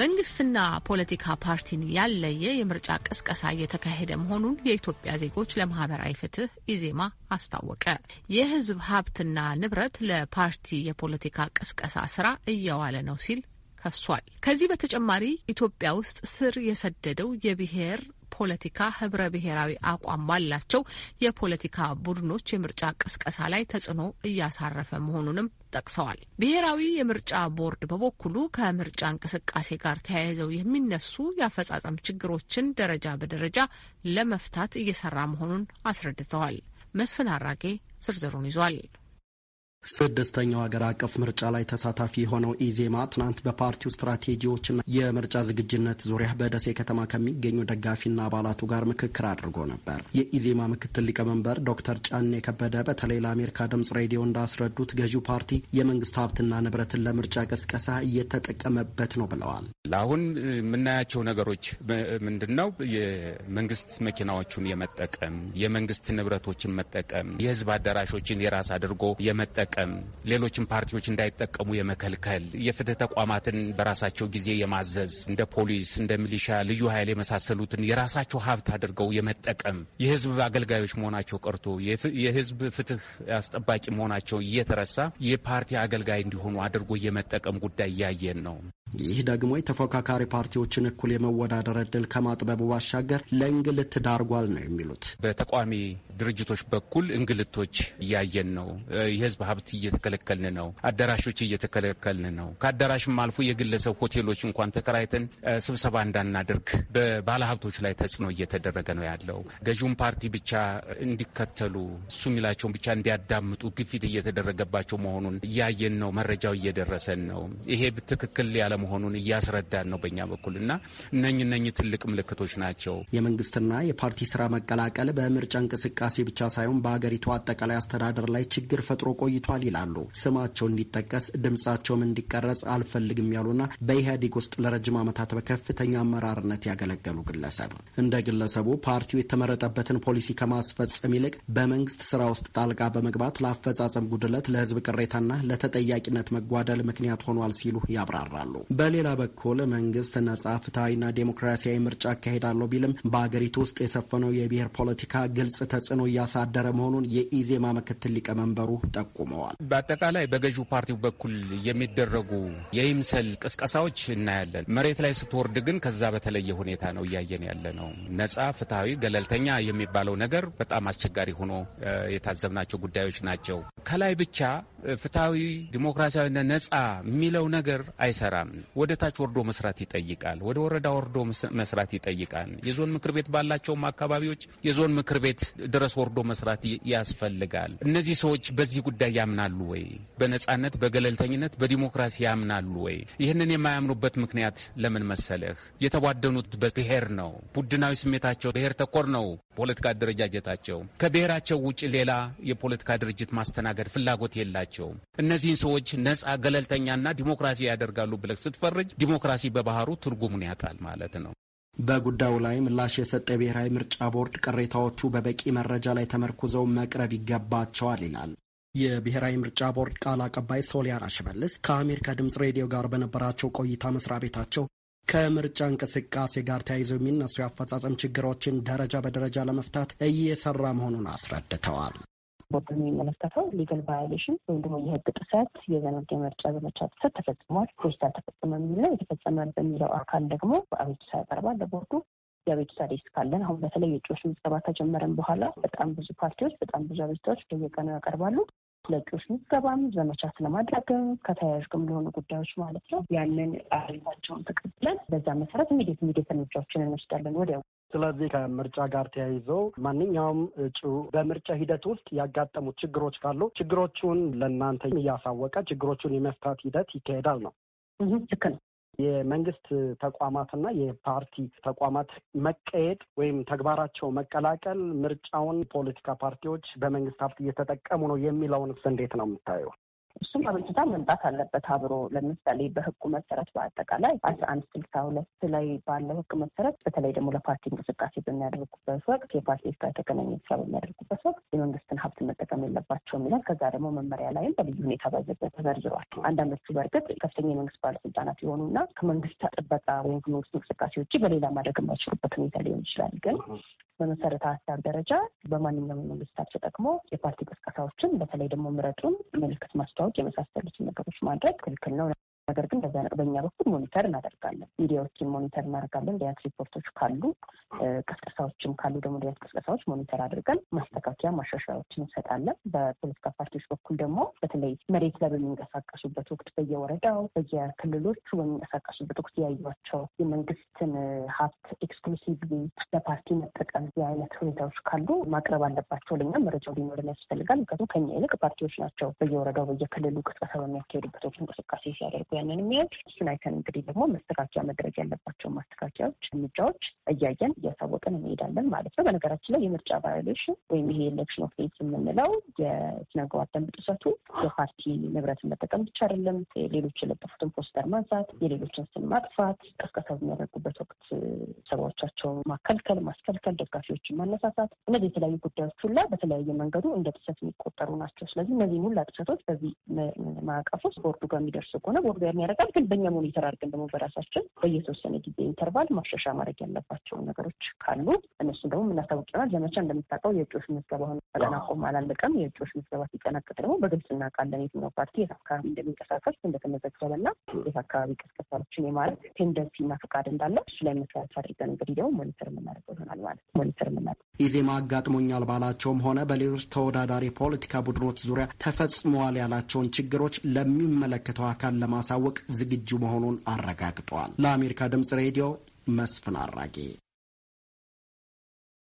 መንግስትና ፖለቲካ ፓርቲን ያለየ የምርጫ ቅስቀሳ እየተካሄደ መሆኑን የኢትዮጵያ ዜጎች ለማህበራዊ ፍትህ ኢዜማ አስታወቀ። የህዝብ ሀብትና ንብረት ለፓርቲ የፖለቲካ ቅስቀሳ ስራ እየዋለ ነው ሲል ከሷል። ከዚህ በተጨማሪ ኢትዮጵያ ውስጥ ስር የሰደደው የብሔር ፖለቲካ ህብረ ብሔራዊ አቋም ባላቸው የፖለቲካ ቡድኖች የምርጫ ቅስቀሳ ላይ ተጽዕኖ እያሳረፈ መሆኑንም ጠቅሰዋል። ብሔራዊ የምርጫ ቦርድ በበኩሉ ከምርጫ እንቅስቃሴ ጋር ተያይዘው የሚነሱ የአፈጻጸም ችግሮችን ደረጃ በደረጃ ለመፍታት እየሰራ መሆኑን አስረድተዋል። መስፍን አራጌ ዝርዝሩን ይዟል። ስድስተኛው ሀገር አቀፍ ምርጫ ላይ ተሳታፊ የሆነው ኢዜማ ትናንት በፓርቲው ስትራቴጂዎችና የምርጫ ዝግጅነት ዙሪያ በደሴ ከተማ ከሚገኙ ደጋፊና አባላቱ ጋር ምክክር አድርጎ ነበር። የኢዜማ ምክትል ሊቀመንበር ዶክተር ጫኔ ከበደ በተለይ ለአሜሪካ ድምጽ ሬዲዮ እንዳስረዱት ገዢው ፓርቲ የመንግስት ሀብትና ንብረትን ለምርጫ ቀስቀሳ እየተጠቀመበት ነው ብለዋል። ለአሁን የምናያቸው ነገሮች ምንድን ነው? የመንግስት መኪናዎቹን የመጠቀም የመንግስት ንብረቶችን መጠቀም የህዝብ አዳራሾችን የራስ አድርጎ የመጠቀም የመጠቀም ሌሎችን ፓርቲዎች እንዳይጠቀሙ የመከልከል የፍትህ ተቋማትን በራሳቸው ጊዜ የማዘዝ እንደ ፖሊስ እንደ ሚሊሻ ልዩ ኃይል የመሳሰሉትን የራሳቸው ሀብት አድርገው የመጠቀም የህዝብ አገልጋዮች መሆናቸው ቀርቶ የህዝብ ፍትህ አስጠባቂ መሆናቸው እየተረሳ የፓርቲ አገልጋይ እንዲሆኑ አድርጎ የመጠቀም ጉዳይ እያየን ነው። ይህ ደግሞ የተፎካካሪ ፓርቲዎችን እኩል የመወዳደር እድል ከማጥበቡ ባሻገር ለእንግልት ዳርጓል ነው የሚሉት። በተቋሚ ድርጅቶች በኩል እንግልቶች እያየን ነው። የህዝብ ሀብት እየተከለከልን ነው። አዳራሾች እየተከለከልን ነው። ከአዳራሽም አልፎ የግለሰብ ሆቴሎች እንኳን ተከራይተን ስብሰባ እንዳናደርግ በባለሀብቶች ላይ ተጽዕኖ እየተደረገ ነው ያለው። ገዢውን ፓርቲ ብቻ እንዲከተሉ እሱ የሚላቸውን ብቻ እንዲያዳምጡ ግፊት እየተደረገባቸው መሆኑን እያየን ነው። መረጃው እየደረሰን ነው። ይሄ ትክክል ያለ መሆኑን እያስረዳን ነው በእኛ በኩል እና እነኝ እነኝ ትልቅ ምልክቶች ናቸው። የመንግስትና የፓርቲ ስራ መቀላቀል በምርጫ እንቅስቃሴ ብቻ ሳይሆን በሀገሪቱ አጠቃላይ አስተዳደር ላይ ችግር ፈጥሮ ቆይቷል ይላሉ ስማቸው እንዲጠቀስ ድምጻቸውም እንዲቀረጽ አልፈልግም ያሉና በኢህአዴግ ውስጥ ለረጅም ዓመታት በከፍተኛ አመራርነት ያገለገሉ ግለሰብ እንደ ግለሰቡ ፓርቲው የተመረጠበትን ፖሊሲ ከማስፈጸም ይልቅ በመንግስት ስራ ውስጥ ጣልቃ በመግባት ለአፈጻጸም ጉድለት፣ ለህዝብ ቅሬታና ለተጠያቂነት መጓደል ምክንያት ሆኗል ሲሉ ያብራራሉ። በሌላ በኩል መንግስት ነጻ ፍትሐዊና ዴሞክራሲያዊ ምርጫ አካሄዳለሁ ቢልም በአገሪቱ ውስጥ የሰፈነው የብሔር ፖለቲካ ግልጽ ተጽዕኖ እያሳደረ መሆኑን የኢዜማ ምክትል ሊቀመንበሩ ጠቁመዋል። በአጠቃላይ በገዢው ፓርቲው በኩል የሚደረጉ የይምሰል ቅስቀሳዎች እናያለን። መሬት ላይ ስትወርድ ግን ከዛ በተለየ ሁኔታ ነው እያየን ያለ ነው። ነጻ ፍትሐዊ፣ ገለልተኛ የሚባለው ነገር በጣም አስቸጋሪ ሆኖ የታዘብናቸው ጉዳዮች ናቸው። ከላይ ብቻ ፍትሐዊ፣ ዲሞክራሲያዊና ነጻ የሚለው ነገር አይሰራም። ወደ ታች ወርዶ መስራት ይጠይቃል። ወደ ወረዳ ወርዶ መስራት ይጠይቃል። የዞን ምክር ቤት ባላቸውም አካባቢዎች የዞን ምክር ቤት ድረስ ወርዶ መስራት ያስፈልጋል። እነዚህ ሰዎች በዚህ ጉዳይ ያምናሉ ወይ? በነጻነት በገለልተኝነት በዲሞክራሲ ያምናሉ ወይ? ይህንን የማያምኑበት ምክንያት ለምን መሰለህ? የተቧደኑት በብሔር ነው። ቡድናዊ ስሜታቸው ብሔር ተኮር ነው። ፖለቲካ አደረጃጀታቸው ከብሔራቸው ውጭ ሌላ የፖለቲካ ድርጅት ማስተናገድ ፍላጎት የላቸውም። እነዚህን ሰዎች ነጻ ገለልተኛና ዲሞክራሲ ያደርጋሉ ብለህ ስትፈርጅ ዲሞክራሲ በባህሩ ትርጉሙን ያጣል ማለት ነው። በጉዳዩ ላይ ምላሽ የሰጠ የብሔራዊ ምርጫ ቦርድ ቅሬታዎቹ በበቂ መረጃ ላይ ተመርኩዘው መቅረብ ይገባቸዋል ይላል። የብሔራዊ ምርጫ ቦርድ ቃል አቀባይ ሶሊያና ሽመልስ ከአሜሪካ ድምፅ ሬዲዮ ጋር በነበራቸው ቆይታ መስሪያ ቤታቸው ከምርጫ እንቅስቃሴ ጋር ተያይዘው የሚነሱ የአፈጻጸም ችግሮችን ደረጃ በደረጃ ለመፍታት እየሰራ መሆኑን አስረድተዋል። ቦርዱ የሚመለከተው ሊጋል ቫዮሌሽን ወይም ደግሞ የህግ ጥሰት፣ የዘመድ የምርጫ ዘመቻ ጥሰት ተፈጽሟል፣ ፕሮሴስ አልተፈጸመም የሚል የተፈጸመ በሚለው አካል ደግሞ አቤቱታ ያቀርባል ለቦርዱ። የአቤቱታ ዴስክ ካለን አሁን በተለይ የእጩዎች ምዝገባ ከጀመረን በኋላ በጣም ብዙ ፓርቲዎች በጣም ብዙ አቤቱታዎች በየቀኑ ያቀርባሉ። ለእጩዎች ምዝገባም ዘመቻ ስለማድረግም ከተያያዥ ግም ለሆኑ ጉዳዮች ማለት ነው። ያንን አቤታቸውን ተቀብለን በዛ መሰረት ሚዲት ሚዲት እርምጃዎችን እንወስዳለን ወዲያው ስለዚህ ከምርጫ ጋር ተያይዞ ማንኛውም እጩ በምርጫ ሂደት ውስጥ ያጋጠሙ ችግሮች ካሉ ችግሮቹን ለእናንተ እያሳወቀ ችግሮቹን የመፍታት ሂደት ይካሄዳል ነው። ልክ ነው። የመንግስት ተቋማትና የፓርቲ ተቋማት መቀየጥ ወይም ተግባራቸው መቀላቀል ምርጫውን ፖለቲካ ፓርቲዎች በመንግስት ሀብት እየተጠቀሙ ነው የሚለውን እንዴት ነው የምታየው? እሱም አቤቱታ መምጣት አለበት አብሮ። ለምሳሌ በህጉ መሰረት በአጠቃላይ አስራ አንድ ስልሳ ሁለት ላይ ባለው ህግ መሰረት በተለይ ደግሞ ለፓርቲ እንቅስቃሴ በሚያደርጉበት ወቅት የፓርቲ ስራ የተገናኘ ስራ በሚያደርጉበት ወቅት የመንግስትን ሀብት መጠቀም የለባቸውም ይላል። ከዛ ደግሞ መመሪያ ላይም በልዩ ሁኔታ ተዘርዝሯል። አንዳንዶቹ በእርግጥ ከፍተኛ የመንግስት ባለስልጣናት የሆኑና ከመንግስት ጥበቃ ወይም ከመንግስት እንቅስቃሴ ውጭ በሌላ ማድረግ የማይችሉበት ሁኔታ ሊሆን ይችላል ግን በመሰረተ ሀሳብ ደረጃ በማንኛውም መንግስታት ተጠቅሞ የፓርቲ ቅስቀሳዎችን በተለይ ደግሞ ምረጡን፣ ምልክት ማስተዋወቅ የመሳሰሉትን ነገሮች ማድረግ ክልክል ነው። ነገር ግን በእኛ በኩል ሞኒተር እናደርጋለን። ሚዲያዎችን ሞኒተር እናደርጋለን። ዲያት ሪፖርቶች ካሉ ቅስቀሳዎችም ካሉ ደግሞ ዲያት ቅስቀሳዎች ሞኒተር አድርገን ማስተካከያ ማሻሻያዎችን እንሰጣለን። በፖለቲካ ፓርቲዎች በኩል ደግሞ በተለይ መሬት ላይ በሚንቀሳቀሱበት ወቅት በየወረዳው በየክልሎቹ በሚንቀሳቀሱበት ወቅት ያዩቸው የመንግስትን ሀብት ኤክስክሉሲቭ ለፓርቲ መጠቀም የአይነት ሁኔታዎች ካሉ ማቅረብ አለባቸው። ለኛ መረጃው ሊኖረን ያስፈልጋል። ምክንያቱም ከኛ ይልቅ ፓርቲዎች ናቸው በየወረዳው በየክልሉ ቅስቀሳ በሚያካሄዱበት ወቅት እንቅስቃሴ ሲያደርጉ ያንን የሚያዩት እሱን አይተን እንግዲህ ደግሞ መስተካከያ መድረግ ያለባቸውን ማስተካከያዎች፣ እርምጃዎች እያየን እያሳወቅን እንሄዳለን ማለት ነው። በነገራችን ላይ የምርጫ ቫዮሌሽን ወይም ይሄ ኤሌክሽን ኦፍ የምንለው የስነምግባር ደንብ ጥሰቱ የፓርቲ ንብረትን መጠቀም ብቻ አይደለም። ሌሎች የለጠፉትን ፖስተር ማንሳት፣ የሌሎችን ስም ማጥፋት፣ ቀስቀሳ በሚያደርጉበት ወቅት ሰባዎቻቸውን ማከልከል፣ ማስከልከል፣ ደጋፊዎችን ማነሳሳት፣ እነዚህ የተለያዩ ጉዳዮች ሁላ በተለያየ መንገዱ እንደ ጥሰት የሚቆጠሩ ናቸው። ስለዚህ እነዚህን ሁላ ጥሰቶች በዚህ ማዕቀፍ ውስጥ ቦርዱ ጋር የሚደርሱ ከሆነ ቦርዱ አዌር ያደርጋል። ግን በእኛ ሞኒተር አድርገን ደግሞ በራሳችን በየተወሰነ ጊዜ ኢንተርቫል ማሻሻ ማድረግ ያለባቸውን ነገሮች ካሉ እነሱ ደግሞ የምናሳውቅ ይሆናል። ዘመቻ እንደምታውቀው የእጩዎች ምዝገባ ሆነ ተጠናቆም አላለቀም። የእጩዎች ምዝገባ ሲጠናቀቅ ደግሞ በግልጽ እናውቃለን የትኛው ፓርቲ የት አካባቢ እንደሚንቀሳቀስ እንደተመዘገበና የት አካባቢ ቅስቀሳዎችን የማድረግ እና ፍቃድ እንዳለ እሱ ላይ መስራት አድርገን እንግዲህ ደግሞ ሞኒተር የምናደርገው ይሆናል ማለት ሞኒተር የምናደርገው ኢዜማ አጋጥሞኛል ባላቸውም ሆነ በሌሎች ተወዳዳሪ ፖለቲካ ቡድኖች ዙሪያ ተፈጽመዋል ያላቸውን ችግሮች ለሚመለከተው አካል ለማሳ ለማሳወቅ ዝግጁ መሆኑን አረጋግጧል። ለአሜሪካ ድምጽ ሬዲዮ መስፍን አራጌ